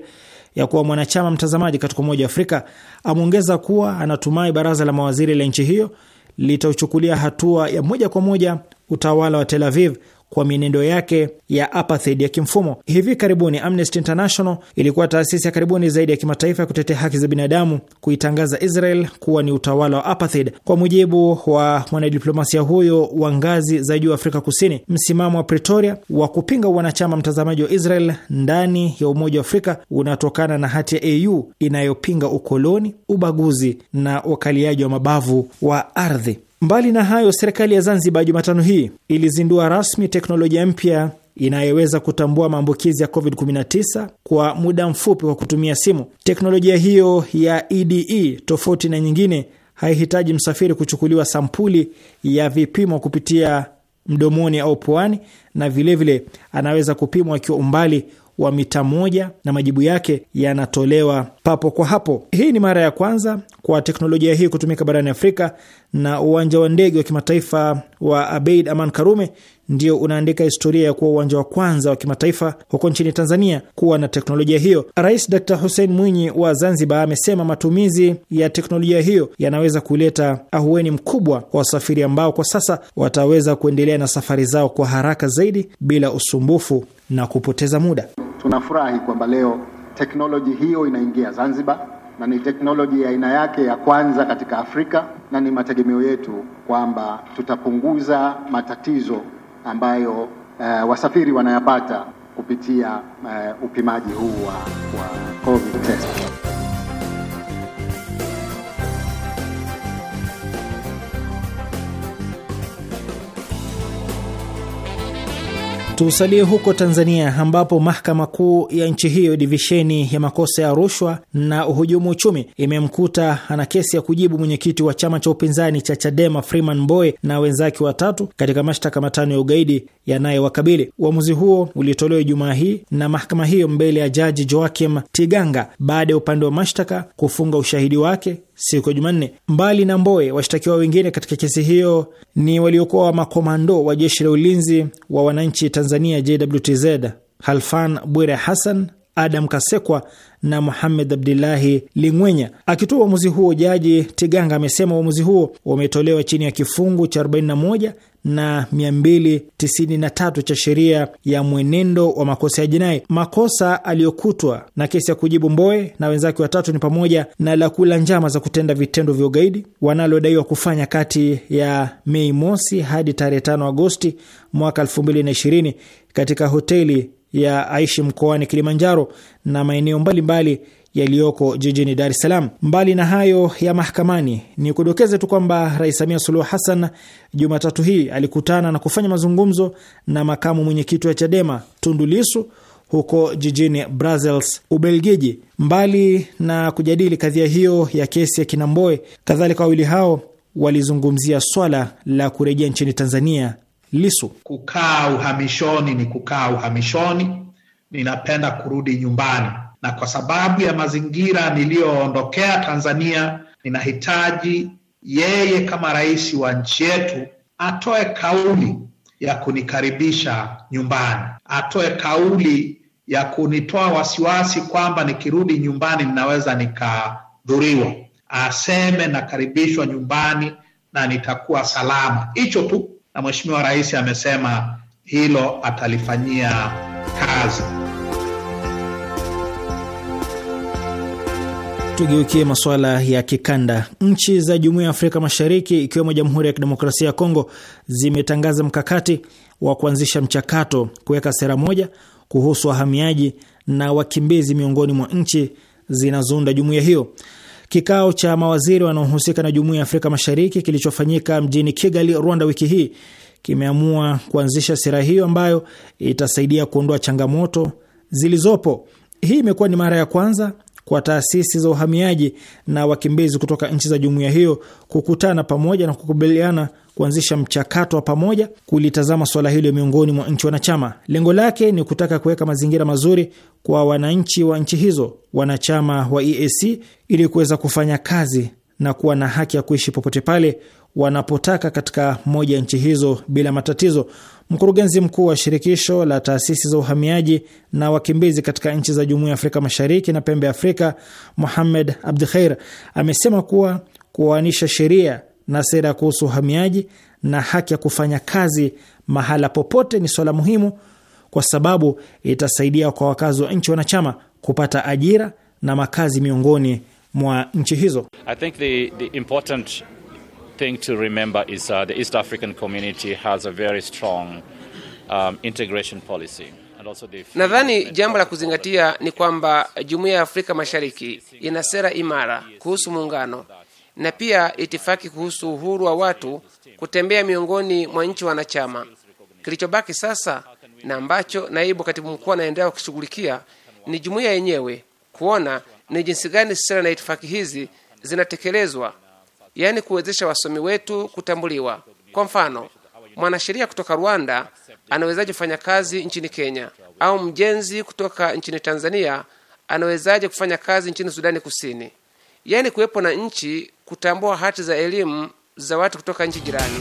ya kuwa mwanachama mtazamaji katika Umoja wa Afrika ameongeza kuwa anatumai baraza la mawaziri la nchi hiyo litauchukulia hatua ya moja kwa moja utawala wa Tel Aviv kwa mienendo yake ya apartheid ya kimfumo. Hivi karibuni Amnesty International ilikuwa taasisi ya karibuni zaidi ya kimataifa ya kutetea haki za binadamu kuitangaza Israel kuwa ni utawala wa apartheid. Kwa mujibu wa mwanadiplomasia huyo wa ngazi za juu Afrika Kusini, msimamo wa Pretoria wa kupinga wanachama mtazamaji wa Israel ndani ya Umoja wa Afrika unatokana na hati ya AU inayopinga ukoloni, ubaguzi na ukaliaji wa mabavu wa ardhi. Mbali na hayo, serikali ya Zanzibar Jumatano hii ilizindua rasmi teknolojia mpya inayoweza kutambua maambukizi ya COVID-19 kwa muda mfupi kwa kutumia simu. Teknolojia hiyo ya EDE, e, tofauti na nyingine, haihitaji msafiri kuchukuliwa sampuli ya vipimo kupitia mdomoni au puani, na vilevile vile anaweza kupimwa akiwa umbali wa mita moja na majibu yake yanatolewa papo kwa hapo. Hii ni mara ya kwanza kwa teknolojia hii kutumika barani Afrika, na uwanja wa ndege wa kimataifa wa Abeid Aman Karume ndio unaandika historia ya kuwa uwanja wa kwanza wa kimataifa huko nchini Tanzania kuwa na teknolojia hiyo. Rais Dr Hussein Mwinyi wa Zanzibar amesema matumizi ya teknolojia hiyo yanaweza kuleta ahueni mkubwa kwa wasafiri ambao kwa sasa wataweza kuendelea na safari zao kwa haraka zaidi bila usumbufu na kupoteza muda. Tunafurahi kwamba leo teknoloji hiyo inaingia Zanzibar na ni teknoloji ya aina yake ya kwanza katika Afrika na ni mategemeo yetu kwamba tutapunguza matatizo ambayo uh, wasafiri wanayapata kupitia uh, upimaji huu wa, wa COVID test. Tusalie huko Tanzania ambapo mahakama kuu ya nchi hiyo divisheni ya makosa ya rushwa na uhujumu uchumi imemkuta ana kesi ya kujibu mwenyekiti wa chama cha upinzani cha Chadema Freeman Mbowe na wenzake watatu katika mashtaka matano ya ugaidi yanayowakabili. Uamuzi huo ulitolewa Ijumaa hii na mahakama hiyo mbele ya Jaji Joachim Tiganga baada ya upande wa mashtaka kufunga ushahidi wake siku ya Jumanne. Mbali na Mboe, washtakiwa wengine katika kesi hiyo ni waliokuwa wa makomando wa jeshi la ulinzi wa wananchi Tanzania, JWTZ, Halfan Bwire Hassan Adam Kasekwa na Muhamed abdulahi Lingwenya. Akitoa uamuzi huo, Jaji Tiganga amesema uamuzi huo umetolewa chini ya kifungu cha 41 na 293 cha sheria ya mwenendo wa makosa ya jinai. Makosa aliyokutwa na kesi ya kujibu Mboe na wenzake watatu ni pamoja na la kula njama za kutenda vitendo vya ugaidi wanalodaiwa kufanya kati ya Mei mosi hadi tarehe 5 Agosti mwaka 2020 katika hoteli ya Aishi mkoani Kilimanjaro na maeneo mbalimbali yaliyoko jijini Dar es Salaam. Mbali na hayo ya mahakamani, ni kudokeza tu kwamba Rais Samia Suluhu Hassan Jumatatu hii alikutana na kufanya mazungumzo na makamu mwenyekiti wa Chadema Tundu huko jijini Brussels, Ubelgiji. Mbali na kujadili kadhia hiyo ya kesi ya Kinamboe, kadhalika wawili hao walizungumzia swala la kurejea nchini Tanzania Lisu: kukaa uhamishoni ni kukaa uhamishoni, ninapenda kurudi nyumbani, na kwa sababu ya mazingira niliyoondokea Tanzania, ninahitaji yeye kama rais wa nchi yetu atoe kauli ya kunikaribisha nyumbani, atoe kauli ya kunitoa wasiwasi kwamba nikirudi nyumbani ninaweza nikadhuriwa. Aseme nakaribishwa nyumbani na nitakuwa salama. Hicho tu na Mheshimiwa Rais amesema hilo atalifanyia kazi. Tugeukie masuala ya kikanda. Nchi za Jumuiya ya Afrika Mashariki ikiwemo Jamhuri ya Kidemokrasia ya Kongo zimetangaza mkakati wa kuanzisha mchakato kuweka sera moja kuhusu wahamiaji na wakimbizi miongoni mwa nchi zinazounda jumuiya hiyo. Kikao cha mawaziri wanaohusika na jumuiya ya Afrika Mashariki kilichofanyika mjini Kigali, Rwanda, wiki hii kimeamua kuanzisha sera hiyo ambayo itasaidia kuondoa changamoto zilizopo. Hii imekuwa ni mara ya kwanza kwa taasisi za uhamiaji na wakimbizi kutoka nchi za jumuiya hiyo kukutana pamoja na kukubaliana kuanzisha mchakato wa pamoja kulitazama swala hilo miongoni mwa nchi wanachama. Lengo lake ni kutaka kuweka mazingira mazuri kwa wananchi wa nchi hizo wanachama wa EAC ili kuweza kufanya kazi na kuwa na haki ya kuishi popote pale wanapotaka katika moja ya nchi hizo bila matatizo. Mkurugenzi mkuu wa shirikisho la taasisi za uhamiaji na wakimbizi katika nchi za Jumuiya ya Afrika Mashariki na Pembe ya Afrika, Mohamed Abdi Khair, amesema kuwa kuoanisha sheria na sera kuhusu uhamiaji na haki ya kufanya kazi mahala popote ni swala muhimu, kwa sababu itasaidia kwa wakazi wa nchi wanachama kupata ajira na makazi miongoni mwa nchi hizo. I think the, the important thing to remember is uh, the East African community has a very strong um, integration policy. Nadhani jambo la kuzingatia ni kwamba jumuiya ya Afrika Mashariki ina sera imara kuhusu muungano na pia itifaki kuhusu uhuru wa watu kutembea miongoni mwa nchi wanachama. Kilichobaki sasa na ambacho naibu katibu mkuu anaendelea kukishughulikia ni jumuiya yenyewe kuona ni jinsi gani sera na itifaki hizi zinatekelezwa, yaani kuwezesha wasomi wetu kutambuliwa. Kwa mfano, mwanasheria kutoka Rwanda anawezaje kufanya kazi nchini Kenya, au mjenzi kutoka nchini Tanzania anawezaje kufanya kazi nchini Sudani Kusini? Yaani kuwepo na nchi kutambua hati za elimu za watu kutoka nchi jirani.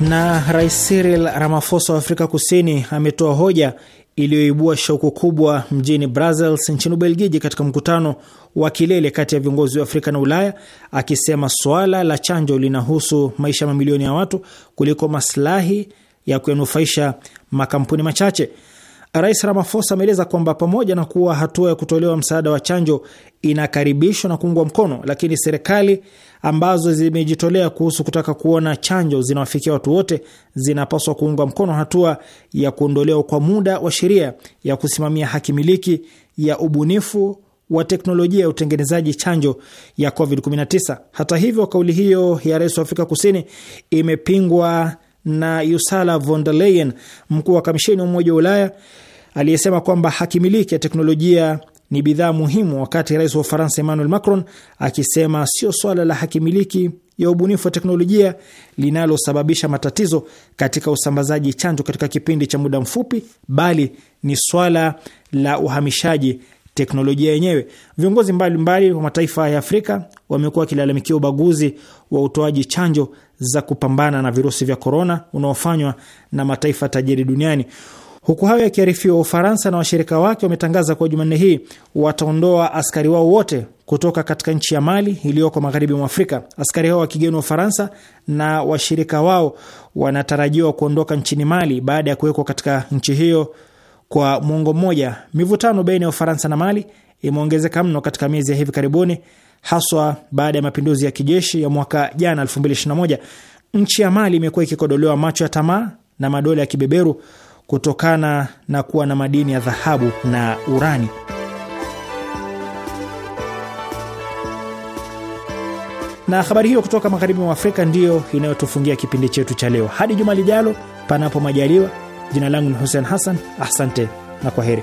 Na Rais Cyril Ramaphosa wa Afrika Kusini ametoa hoja iliyoibua shauku kubwa mjini Brussels nchini Ubelgiji, katika mkutano wa kilele kati ya viongozi wa Afrika na Ulaya, akisema suala la chanjo linahusu maisha mamilioni ya watu kuliko maslahi ya kuyanufaisha makampuni machache. Rais Ramaphosa ameeleza kwamba pamoja na kuwa hatua ya kutolewa msaada wa chanjo inakaribishwa na kuungwa mkono, lakini serikali ambazo zimejitolea kuhusu kutaka kuona chanjo zinawafikia watu wote zinapaswa kuunga mkono hatua ya kuondolewa kwa muda wa sheria ya kusimamia haki miliki ya ubunifu wa teknolojia ya utengenezaji chanjo ya COVID-19. Hata hivyo, kauli hiyo ya rais wa Afrika Kusini imepingwa na Ursula von der Leyen, mkuu wa kamisheni wa Umoja wa Ulaya, aliyesema kwamba hakimiliki ya teknolojia ni bidhaa muhimu, wakati rais wa Ufaransa Emmanuel Macron akisema sio swala la hakimiliki ya ubunifu wa teknolojia linalosababisha matatizo katika usambazaji chanjo katika kipindi cha muda mfupi, bali ni swala la uhamishaji teknolojia yenyewe. Viongozi mbalimbali wa mataifa ya Afrika wamekuwa wakilalamikia ubaguzi wa utoaji chanjo za kupambana na virusi vya korona unaofanywa na mataifa tajiri duniani. Huku hayo yakiarifiwa, Ufaransa na washirika wake wametangaza kuwa Jumanne hii wataondoa askari wao wote kutoka katika nchi ya Mali iliyoko magharibi mwa Afrika. Askari hao wa kigeni wa Ufaransa na washirika wao wanatarajiwa kuondoka nchini Mali baada ya kuwekwa katika nchi hiyo kwa mwongo mmoja. Mivutano baina ya Ufaransa na Mali imeongezeka mno katika miezi ya hivi karibuni, haswa baada ya mapinduzi ya kijeshi ya mwaka jana 2021. Nchi ya Mali imekuwa ikikodolewa macho ya tamaa na madola ya kibeberu kutokana na kuwa na madini ya dhahabu na urani. Na habari hiyo kutoka magharibi mwa Afrika ndiyo inayotufungia kipindi chetu cha leo. Hadi juma lijalo, panapo majaliwa. Jina langu ni Hussein Hassan, asante na kwa heri.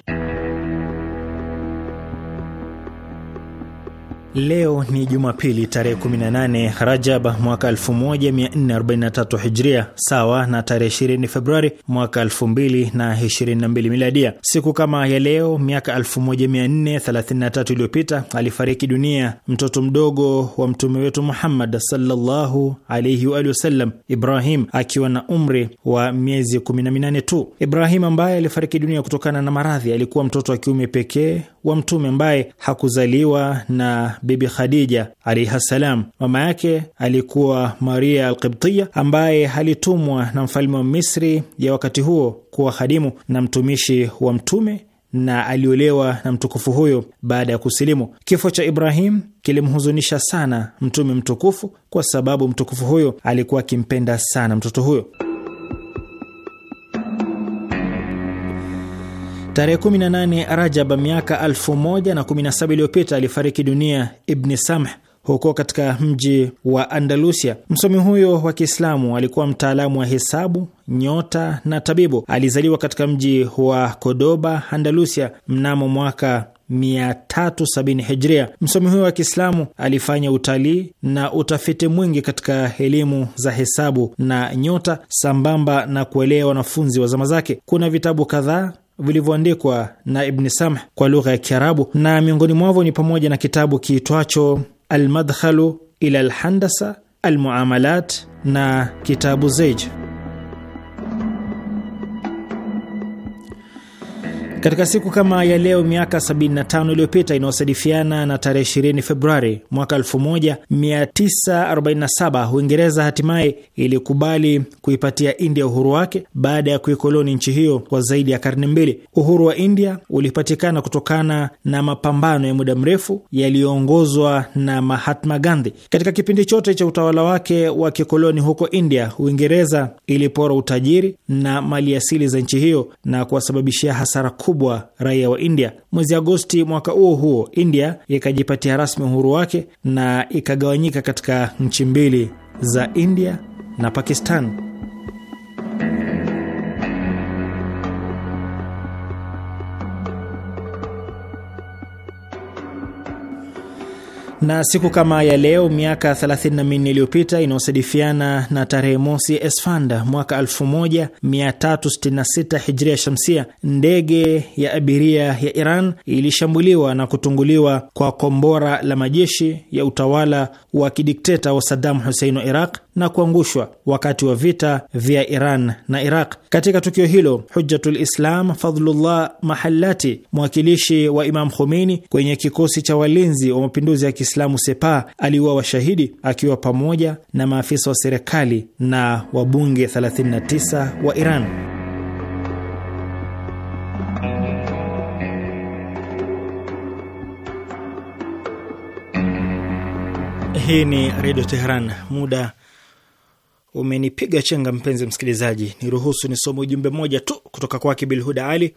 Leo ni Jumapili tarehe 18 Rajab mwaka 1443 Hijria, sawa na tarehe 20 Februari mwaka 2022 Miladia. Siku kama ya leo miaka 1433 iliyopita alifariki dunia mtoto mdogo wa mtume wetu Muhammad sallallahu alaihi wa alihi wasallam, Ibrahim akiwa na umri wa miezi 18 tu. Ibrahim ambaye alifariki dunia kutokana na maradhi, alikuwa mtoto wa kiume pekee wa mtume ambaye hakuzaliwa na Bibi Khadija alaihi ssalam. Mama yake alikuwa Maria Alqibtiya ambaye alitumwa na mfalme wa Misri ya wakati huo kuwa khadimu na mtumishi wa Mtume na aliolewa na mtukufu huyo baada ya kusilimu. Kifo cha Ibrahim kilimhuzunisha sana Mtume mtukufu, kwa sababu mtukufu huyo alikuwa akimpenda sana mtoto huyo. Tarehe 18 Rajab miaka 1017 iliyopita alifariki dunia Ibni Samh huko katika mji wa Andalusia. Msomi huyo wa Kiislamu alikuwa mtaalamu wa hesabu, nyota na tabibu. Alizaliwa katika mji wa Kodoba, Andalusia mnamo mwaka 370 Hijria. Msomi huyo wa Kiislamu alifanya utalii na utafiti mwingi katika elimu za hesabu na nyota, sambamba na kuelea wanafunzi wa zama zake. Kuna vitabu kadhaa vilivyoandikwa na Ibni Samh kwa lugha ya Kiarabu, na miongoni mwavyo ni pamoja na kitabu kiitwacho Almadkhalu ila Alhandasa, Almuamalat na kitabu Zeij. Katika siku kama ya leo miaka 75 iliyopita inayosadifiana na tarehe 20 Februari mwaka 1947, Uingereza hatimaye ilikubali kuipatia India uhuru wake baada ya kuikoloni nchi hiyo kwa zaidi ya karne mbili. Uhuru wa India ulipatikana kutokana na mapambano ya muda mrefu yaliyoongozwa na Mahatma Gandhi. Katika kipindi chote cha utawala wake wa kikoloni huko India, Uingereza ilipora utajiri na maliasili za nchi hiyo na kuwasababishia hasara kubwa mkubwa raia wa India. Mwezi Agosti mwaka huo huo, India ikajipatia rasmi uhuru wake na ikagawanyika katika nchi mbili za India na Pakistan. Na siku kama ya leo miaka 34 iliyopita inayosadifiana na tarehe mosi Esfanda mwaka 1366 Hijria Shamsia, ndege ya abiria ya Iran ilishambuliwa na kutunguliwa kwa kombora la majeshi ya utawala wa kidikteta wa Saddam Hussein wa Iraq na kuangushwa wakati wa vita vya Iran na Iraq. Katika tukio hilo, Hujjatul Islam Fadhlullah Mahallati, mwakilishi wa Imam Khomeini kwenye kikosi cha walinzi wa mapinduzi ya Kiislamu Sepa aliuawa washahidi akiwa pamoja na maafisa wa serikali na wabunge 39 wa Iran. Hii ni Redio Teheran. Muda umenipiga chenga, mpenzi msikilizaji, niruhusu nisome ujumbe mmoja tu kutoka kwake Bilhuda Ali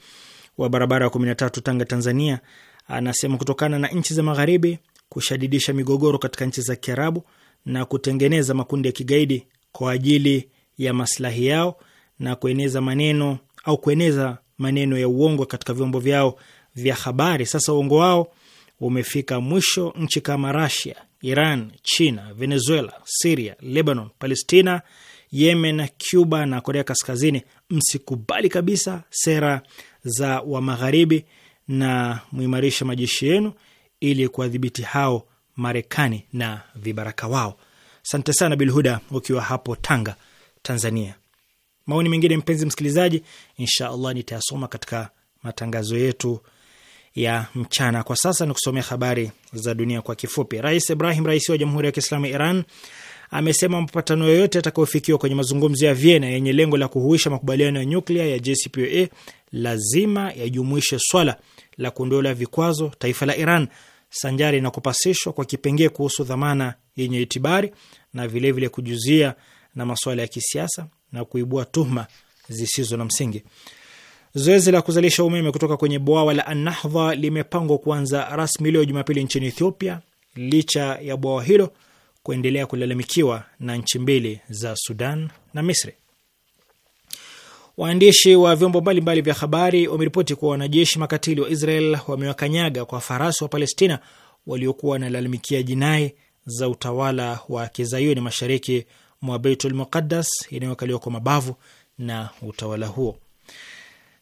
wa barabara ya 13 Tanga, Tanzania. Anasema kutokana na nchi za magharibi kushadidisha migogoro katika nchi za Kiarabu na kutengeneza makundi ya kigaidi kwa ajili ya maslahi yao na kueneza maneno au kueneza maneno ya uongo katika vyombo vyao vya habari. Sasa uongo wao umefika mwisho. Nchi kama Russia, Iran, China, Venezuela, siria Lebanon, Palestina, Yemen, Cuba na Korea Kaskazini, msikubali kabisa sera za wa Magharibi na muimarishe majeshi yenu ili kuwadhibiti hao Marekani na vibaraka wao. Sante sana Bilhuda ukiwa hapo Tanga, Tanzania. Maoni mengine mpenzi msikilizaji, insha allah nitayasoma katika matangazo yetu ya mchana. Kwa sasa ni kusomea habari za dunia kwa kifupi. Rais Ibrahim Raisi wa Jamhuri ya Kiislamu ya Iran amesema mapatano yoyote yatakayofikiwa kwenye mazungumzo ya Viena yenye lengo la kuhuisha makubaliano ya nyuklia ya JCPOA lazima yajumuishe swala la kuondolewa vikwazo taifa la Iran sanjari na kupasishwa kwa kipengee kuhusu dhamana yenye itibari na vilevile kujuzia na masuala ya kisiasa na kuibua tuhuma zisizo na msingi. Zoezi la kuzalisha umeme kutoka kwenye bwawa la Anahdha limepangwa kuanza rasmi leo Jumapili nchini Ethiopia, licha ya bwawa hilo kuendelea kulalamikiwa na nchi mbili za Sudan na Misri. Waandishi wa vyombo mbalimbali vya habari wameripoti kuwa wanajeshi makatili wa Israel wamewakanyaga kwa farasi wa Palestina waliokuwa wanalalamikia jinai za utawala wa kizayuni mashariki mwa Beitul Muqaddas inayokaliwa kwa mabavu na utawala huo.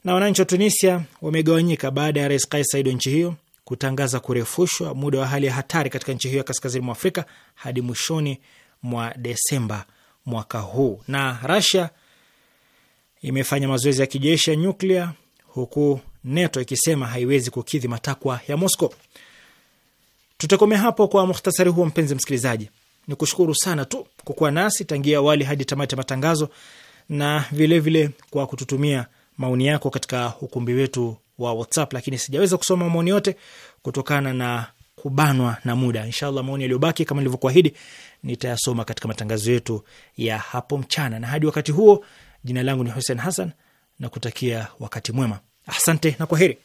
Na wananchi wa Tunisia wamegawanyika baada ya Rais Kais Saied wa nchi hiyo kutangaza kurefushwa muda wa hali ya hatari katika nchi hiyo ya kaskazini mwa Afrika hadi mwishoni mwa Desemba mwaka huu. Na Rasia imefanya mazoezi ya kijeshi ya nyuklia huku NATO ikisema haiwezi kukidhi matakwa ya Moscow. Tutakomea hapo kwa muhtasari huo. Mpenzi msikilizaji, ni kushukuru sana tu kukuwa nasi tangia awali hadi tamati ya matangazo na vilevile vile kwa kututumia maoni yako katika ukumbi wetu wa WhatsApp, lakini sijaweza kusoma maoni yote kutokana na kubanwa na muda. Inshallah, maoni yaliyobaki kama nilivyokuahidi nitayasoma katika matangazo yetu ya hapo mchana, na hadi wakati huo Jina langu ni Hussein Hassan na kutakia wakati mwema. Asante na kwa heri.